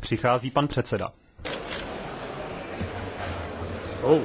Přichází pan předseda. Oh,